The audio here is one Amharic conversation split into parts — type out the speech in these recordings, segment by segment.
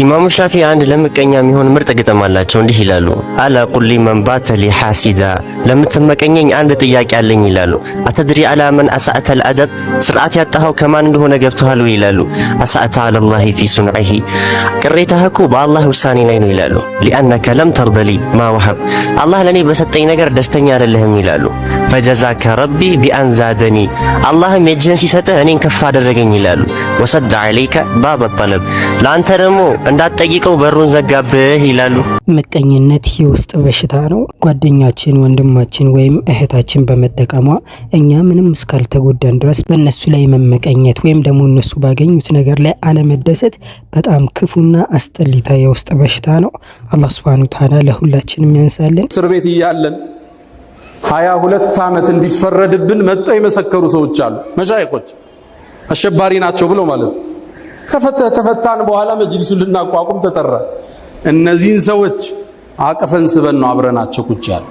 ኢማሙ ሻፊ አንድ ለምቀኛ የሚሆን ምርጥ ግጥም አላቸው። እንዲህ ይላሉ፣ አላ ቁሊ መንባተ ሊ ሐሲዳ፣ ለምትመቀኘኝ አንድ ጥያቄ አለኝ ይላሉ። አተድሪ አላ መን አሳአተ ልአደብ፣ ስርዓት ያጣኸው ከማን እንደሆነ ወይ ይላሉ። አሳአተ አለላሂ ፊ ሱንዒሂ፣ ቅሬታህ እኮ በአላህ ውሳኔ ላይ ነው ይላሉ። ሊአነከ ለም ተርደሊ ማ ወሀብ፣ አላህ ለእኔ በሰጠኝ ነገር ደስተኛ አይደለህም ይላሉ። ፈጀዛከ ረቢ ቢአንዛደኒ፣ አላህም የእጅህን ሲሰጥህ እኔን ከፍ አደረገኝ ይላሉ። ወሰደ ዐለይከ ባበ ጠለብ፣ ለአንተ ደግሞ እንዳትጠይቀው በሩን ዘጋብህ ይላሉ። ምቀኝነት የውስጥ በሽታ ነው። ጓደኛችን፣ ወንድማችን ወይም እህታችን በመጠቀሟ እኛ ምንም እስካልተጎዳን ድረስ በእነሱ ላይ መመቀኘት ወይም ደግሞ እነሱ ባገኙት ነገር ላይ አለመደሰት በጣም ክፉና አስጠሊታ የውስጥ በሽታ ነው። አላህ ሱብሃነሁ ተዓላ ለሁላችንም ያንሳልን። እስር ቤት እያለን ሀያ ሁለት ዓመት እንዲፈረድብን መጠው የመሰከሩ ሰዎች አሉ። መሻይቆች አሸባሪ ናቸው ብሎ ማለት ነው ከተፈታን በኋላ መጅሊሱን ልናቋቁም ተጠራ። እነዚህን ሰዎች አቅፈን ስበን ነው አብረናቸው ቁጭ ያለ።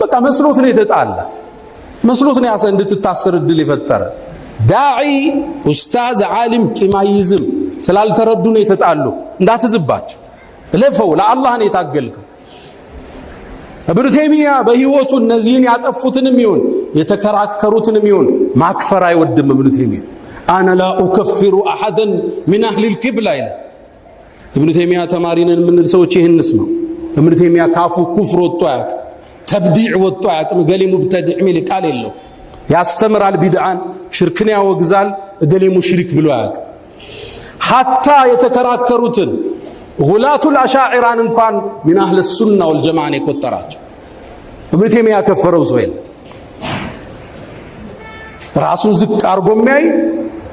በቃ መስሎት ነው የተጣላ፣ መስሎት ነው ያሰ እንድትታሰር እድል የፈጠረ ዳዒ፣ ኡስታዝ፣ ዓሊም ቂማይዝም ስላልተረዱ ነው የተጣሉ። እንዳትዝባቸው ለፈው ለአላህ ነው የታገልከው። እብኑ ተይሚያ በህይወቱ እነዚህን ያጠፉትንም ይሁን የተከራከሩትንም ይሁን ማክፈር አይወድም እብኑ ተይሚያ አነ ላ ኡከፍሩ አሐደን ሚን አህሊል ኪብላ ይላል። እብኑ ተይሚያ ተማሪነን የምንል ሰዎች ይህን ስማ። እብኑ ተይሚያ ካፉ ኩፍር ወጥቶ አያውቅም፣ ተብዲዕ ወጥቶ አያውቅም። እገሌ ሙብተዲዕ ሚል ቃል የለው። ያስተምራል፣ ቢድዓን፣ ሽርክን ያወግዛል። እገሌ ሙሽሪክ ብሎ አያውቅም። ሐታ የተከራከሩትን ጉላቱል አሻዒራን እንኳን ሚን አህል ሱና ወልጀማዓን የቆጠራቸው እብኑ ተይሚያ ያከፈረው ሰው የለም። ራሱን ዝቅ አርጎ የሚያይ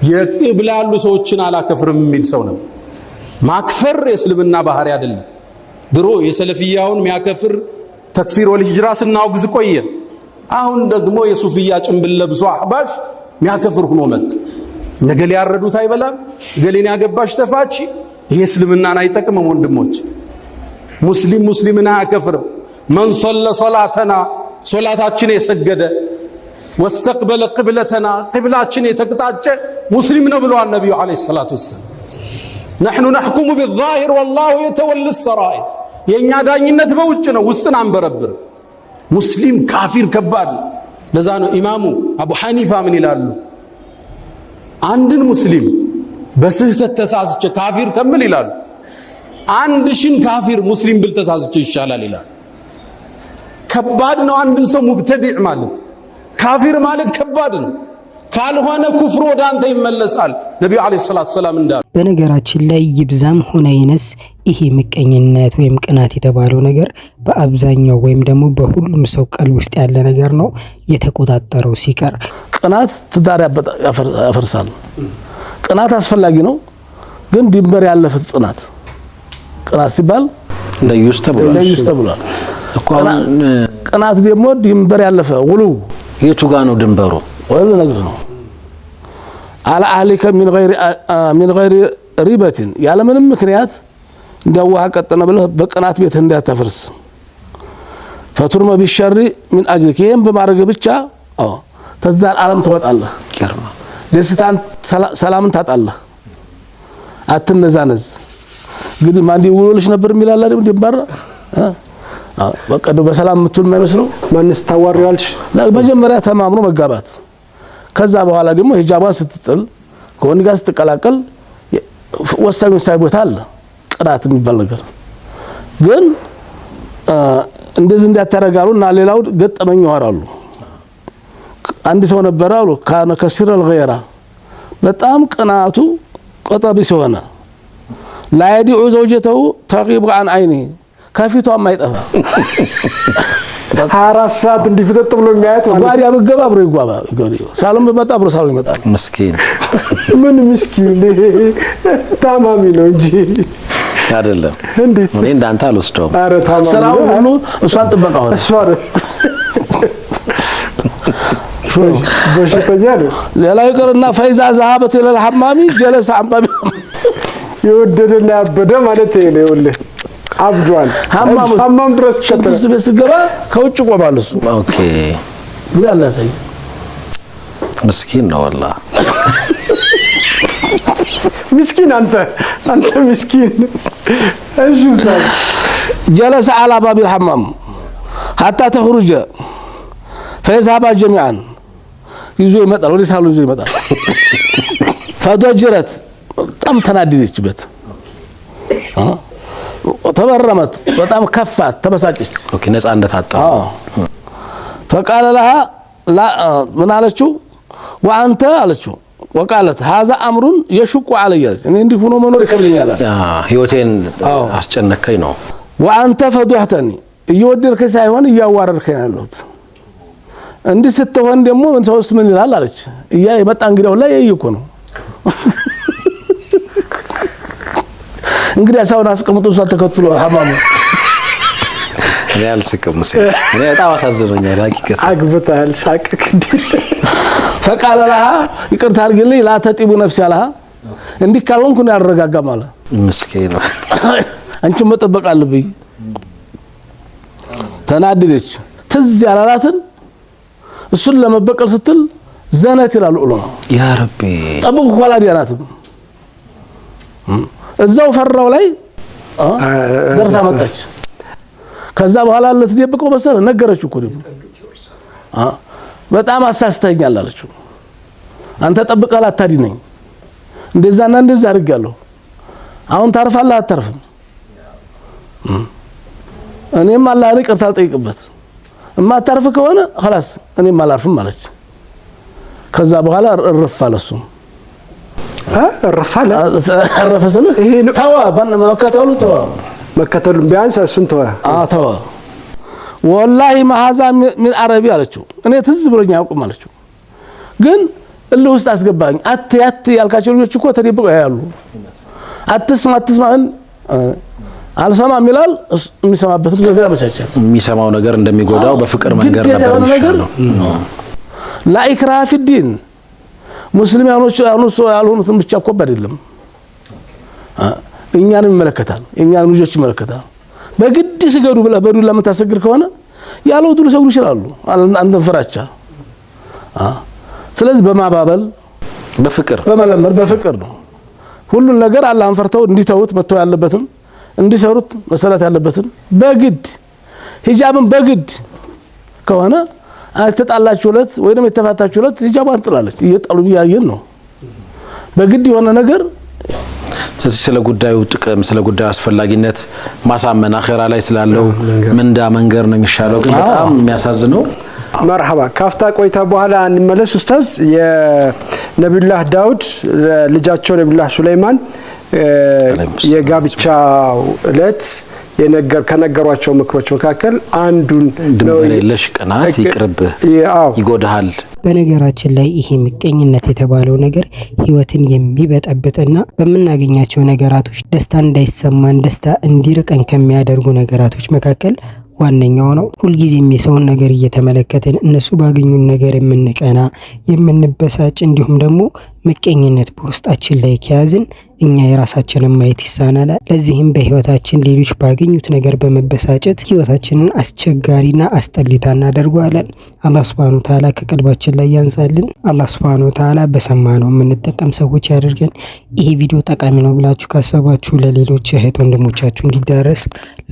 የቅብላ ያሉ ሰዎችን አላከፍርም የሚል ሰው ነው። ማክፈር የእስልምና ባህሪ አይደለም። ድሮ የሰለፊያውን ሚያከፍር ተክፊር ወልሂጅራ ስናወግዝ ዝቆየ አሁን ደግሞ የሱፍያ ጭንብል ለብሶ አህባሽ ሚያከፍር ሆኖ መጥ ነገሌ ያረዱት አይበላም፣ ገሌን ያገባሽ ተፋች። ይሄ እስልምናን አይጠቅምም። ወንድሞች ሙስሊም ሙስሊምን አያከፍርም። መን ሶለ ሶላተና ሶላታችን የሰገደ ወስተቅበለ ቅብለተና ቅብላችን የተቅጣጨ ሙስሊም ነው ብለዋል ነቢዩ ዓለይሂ ሰላቱ ወሰላም። ነሕኑ ነሕኩሙ ቢዛሂር ወላሁ የተወል ሰራኢር። የእኛ ዳኝነት በውጭ ነው፣ ውስጥን አንበረብር። ሙስሊም ካፊር ከባድ። ነው ለዛ ነው ኢማሙ አቡ ሐኒፋ ምን ይላሉ? አንድን ሙስሊም በስህተት ተሳስቼ ካፊር ከምል ይላሉ አንድ ሽን ካፊር ሙስሊም ብል ተሳስቼ ይሻላል ይላል። ከባድ ነው አንድን ሰው ሙብተዲዕ ማለት ካፊር ማለት ከባድ ነው። ካልሆነ ኩፍሩ ወደ አንተ ይመለሳል። ነቢዩ ዓለይሂ ሰላቱ ሰላም እንዳሉ በነገራችን ላይ ይብዛም ሆነ ይነስ ይሄ ምቀኝነት ወይም ቅናት የተባለው ነገር በአብዛኛው ወይም ደግሞ በሁሉም ሰው ቀልብ ውስጥ ያለ ነገር ነው። የተቆጣጠረው ሲቀር ቅናት ትዳር ያፈርሳል። ቅናት አስፈላጊ ነው፣ ግን ድንበር ያለፈ ጽናት። ቅናት ሲባል እንደዩስ ተብሏል። ቅናት ደግሞ ድንበር ያለፈ ውሉ የቱ ጋ ነው ድንበሩ? ወይ ልነግርህ ነው። አለ አህሊከ ሚን ገይሪ ሪበትን ያለምንም ምክንያት እንዲያዋሃ ቀጠነ ብለህ በቅናት ቤትህ እንዳታፈርስ። ፈቱርመ ቢሸሪ ሚን አጅልክ ይህም በማድረግ ብቻ ተዛን ዓለም ትወጣለህ፣ ደስታን ሰላምን ታጣለህ። አትነዛነዝ። እንግዲህ ማን ዲውሎልሽ ነበር የሚላል አይደል? ዲምባራ በቀዶ በሰላም የምትውል የማይመስለው ማንስ ታዋሪዋልሽ። መጀመሪያ ተማምኖ መጋባት ከዛ በኋላ ደግሞ ሂጃቧን ስትጥል ከወንድ ጋር ስትቀላቀል ወሳኝ ወሳኝ ቦታ አለ ቅናት የሚባል ነገር ግን እንደዚህ እንዳታረጋሉ እና ሌላው ገጠመኝ ይዋራሉ። አንድ ሰው ነበረ አሉ ካነ ከሲረ ልገራ በጣም ቅናቱ ቆጠቢ ሲሆነ ላያዲዑ ዘውጀተው ተቂብ አን አይኒ ከፊቷ ማይጠፋ አራት ሰዓት እንዲፍጠጥ ብሎ የሚያየት ጓዳ ብገባ አብሮ ይጓባ ሳሎን በመጣ አብሮ ሳሎን ይመጣል። ምስኪን ምን ምስኪን ታማሚ ነው እንጂ አይደለም። እንዴት እኔ እንዳንተ አልወስደውም። ኧረ ታማሚ ስራው ሁሉ እሷን ጥበቃ ሆነ። እሷ ይቅርና ፈይዛ ጀለሰ አንባቢ የወደደና ያበደ ማለት አብዷል። ሀማም ድረስ ሽንት ቤት ስገባ ከውጭ ቆማል። እሱ ኦኬ ብሎ ምስኪን ነው ወላ ምስኪን አንተ አንተ ምስኪን እሺ ኡስታዝ ጀለሰ አላ ባቢል ሐማም ሀታ ተኽሩጀ ፈየስሃባ ጀሚዓን ይዞ ይመጣል። ወደ ሳሎን ይዞ ይመጣል። ፈዶጅረት በጣም ተናደደችበት ተበረመት፣ በጣም ከፋት፣ ተበሳጨች። ኦኬ ነፃ እንደታጣ አዎ። فقال ምን አለችው? ወአንተ አለችው ወቃለት ሀዛ አምሩን የሽቁ አለያለች። እኔ እንዲህ ሆኖ መኖር ይከብደኛል፣ ህይወቴን አስጨነከኝ ነው። ወአንተ ፈዱህተኒ እየወደድከኝ ሳይሆን እያዋረድከኝ ያለሁት እንዲህ ስትሆን ደግሞ ሰውስ ምን ይላል አለች። እያ የመጣ እንግዲህ ላይ እኮ ነው እንግዲህ አሳውን አስቀምጦ እሷ ተከትሎ ሀማሙ እኔ አልስቅም። እኔ በጣም አሳዝኖኛል። ሀቂቀት አግብታል ሳቅክ እንዲ ፈቃለ ለሃ ይቅርታ አድርግልኝ ላተጢቡ ነፍስ ያለሃ እንዲህ ካልሆንኩ ነው ያረጋጋም አለ። ምስኪን ነው። አንቺን መጠበቅ አለብኝ። ተናደደች። ትዝ ያላላትን እሱን ለመበቀል ስትል ዘነት ይላሉ ዑለማ። ያ ረቢ ጠብቁ ኋላ ዲያናትም እዛው ፈራው ላይ ደርሳ መጣች። ከዛ በኋላ ልትደብቀው መሰለህ ነገረች እኮ ደግሞ በጣም አሳስተኛል አለችው። አንተ ጠብቀሃል አታዲነኝ እንደዛና እንደዛ አድርጋለሁ። አሁን ታርፋለህ አታርፍም? እኔም አላህን ይቅርታ አልጠይቅበት እማታርፍ ከሆነ ኸላስ እኔም አላርፍም አለች። ከዛ በኋላ እርፍ ረፋለረፈ መከተሉ ቢያንስ እሱን ተወ ወላሂ መሀዛ ሚን አረቢ አለችው። እኔ ትዝ ብሎኝ አያውቁም አለችው። ግን እልህ ውስጥ አስገባኝ። አት ያት ያልካቸው ልጆች እኮ ተደብቀው ያያሉ። አትስማ አትስማ አልሰማም ይላል። የሚሰማበት ነገር አመቻቻል። የሚሰማው ነገር እንደሚጎዳው በፍቅር መንገድ ነበር። ላኢክራሃ ፊዲን ሙስሊም ያልሆኑትን ብቻ እኮ አይደለም፣ እኛንም ይመለከታል፣ እኛንም ልጆች ይመለከታል። በግድ ስገዱ ብለህ በዱ የምታሰግድ ከሆነ ያለ ውዱ ሊሰግዱ ይችላሉ፣ አንተን ፍራቻ። ስለዚህ በማባበል በፍቅር በመለመር በፍቅር ነው ሁሉን ነገር አላህን ፈርተው እንዲተውት መተው ያለበትን እንዲሰሩት መሰራት ያለበትን በግድ ሂጃብን በግድ ከሆነ የተጣላችሁ ዕለት ወይ ደግሞ የተፋታችሁ ዕለት ሂጃቧን ጥላለች። እየጣሉ እያየን ነው። በግድ የሆነ ነገር ስለዚህ ስለ ጉዳዩ ጥቅም፣ ስለ ጉዳዩ አስፈላጊነት ማሳመን አኼራ ላይ ስላለው ምንዳ መንገር ነው የሚሻለው። ግን በጣም የሚያሳዝነው መርሐባ ካፍታ ቆይታ በኋላ እንመለስ። ኡስታዝ የነቢዩላህ ዳውድ ልጃቸው ነቢዩላህ ሱለይማን የጋብቻው እለት። የነገር ከነገሯቸው ምክሮች መካከል አንዱን ድንበር የለሽ ቅናት ይቅርብ፣ ይጎዳሃል። በነገራችን ላይ ይሄ ምቀኝነት የተባለው ነገር ህይወትን የሚበጠብጥና በምናገኛቸው ነገራቶች ደስታ እንዳይሰማን ደስታ እንዲርቀን ከሚያደርጉ ነገራቶች መካከል ዋነኛው ነው። ሁልጊዜም የሰውን ነገር እየተመለከትን እነሱ ባገኙን ነገር የምንቀና የምንበሳጭ፣ እንዲሁም ደግሞ ምቀኝነት በውስጣችን ላይ ከያዝን እኛ የራሳችንን ማየት ይሳናናል። ለዚህም በህይወታችን ሌሎች ባገኙት ነገር በመበሳጨት ህይወታችንን አስቸጋሪና አስጠሊታ እናደርገዋለን። አላህ ስብሃኑ ተዓላ ከቀልባችን ላይ ያንሳልን። አላህ ስብሃኑ ተዓላ በሰማነው የምንጠቀም ሰዎች ያደርገን። ይሄ ቪዲዮ ጠቃሚ ነው ብላችሁ ካሰባችሁ ለሌሎች እህት ወንድሞቻችሁ እንዲዳረስ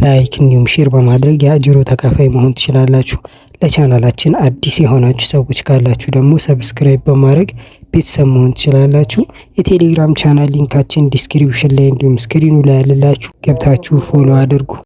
ላይክ እንዲሁም ሼር በማድረግ የአጅሮ ተካፋይ መሆን ትችላላችሁ። ለቻናላችን አዲስ የሆናችሁ ሰዎች ካላችሁ ደግሞ ሰብስክራይብ በማድረግ ቤተሰብ መሆን ትችላላችሁ። የቴሌግራም ቻናል ሊንካችን ሊንካችን ዲስክሪፕሽን ላይ እንዲሁም ስክሪኑ ላይ ያለላችሁ ገብታችሁ ፎሎ አድርጉ።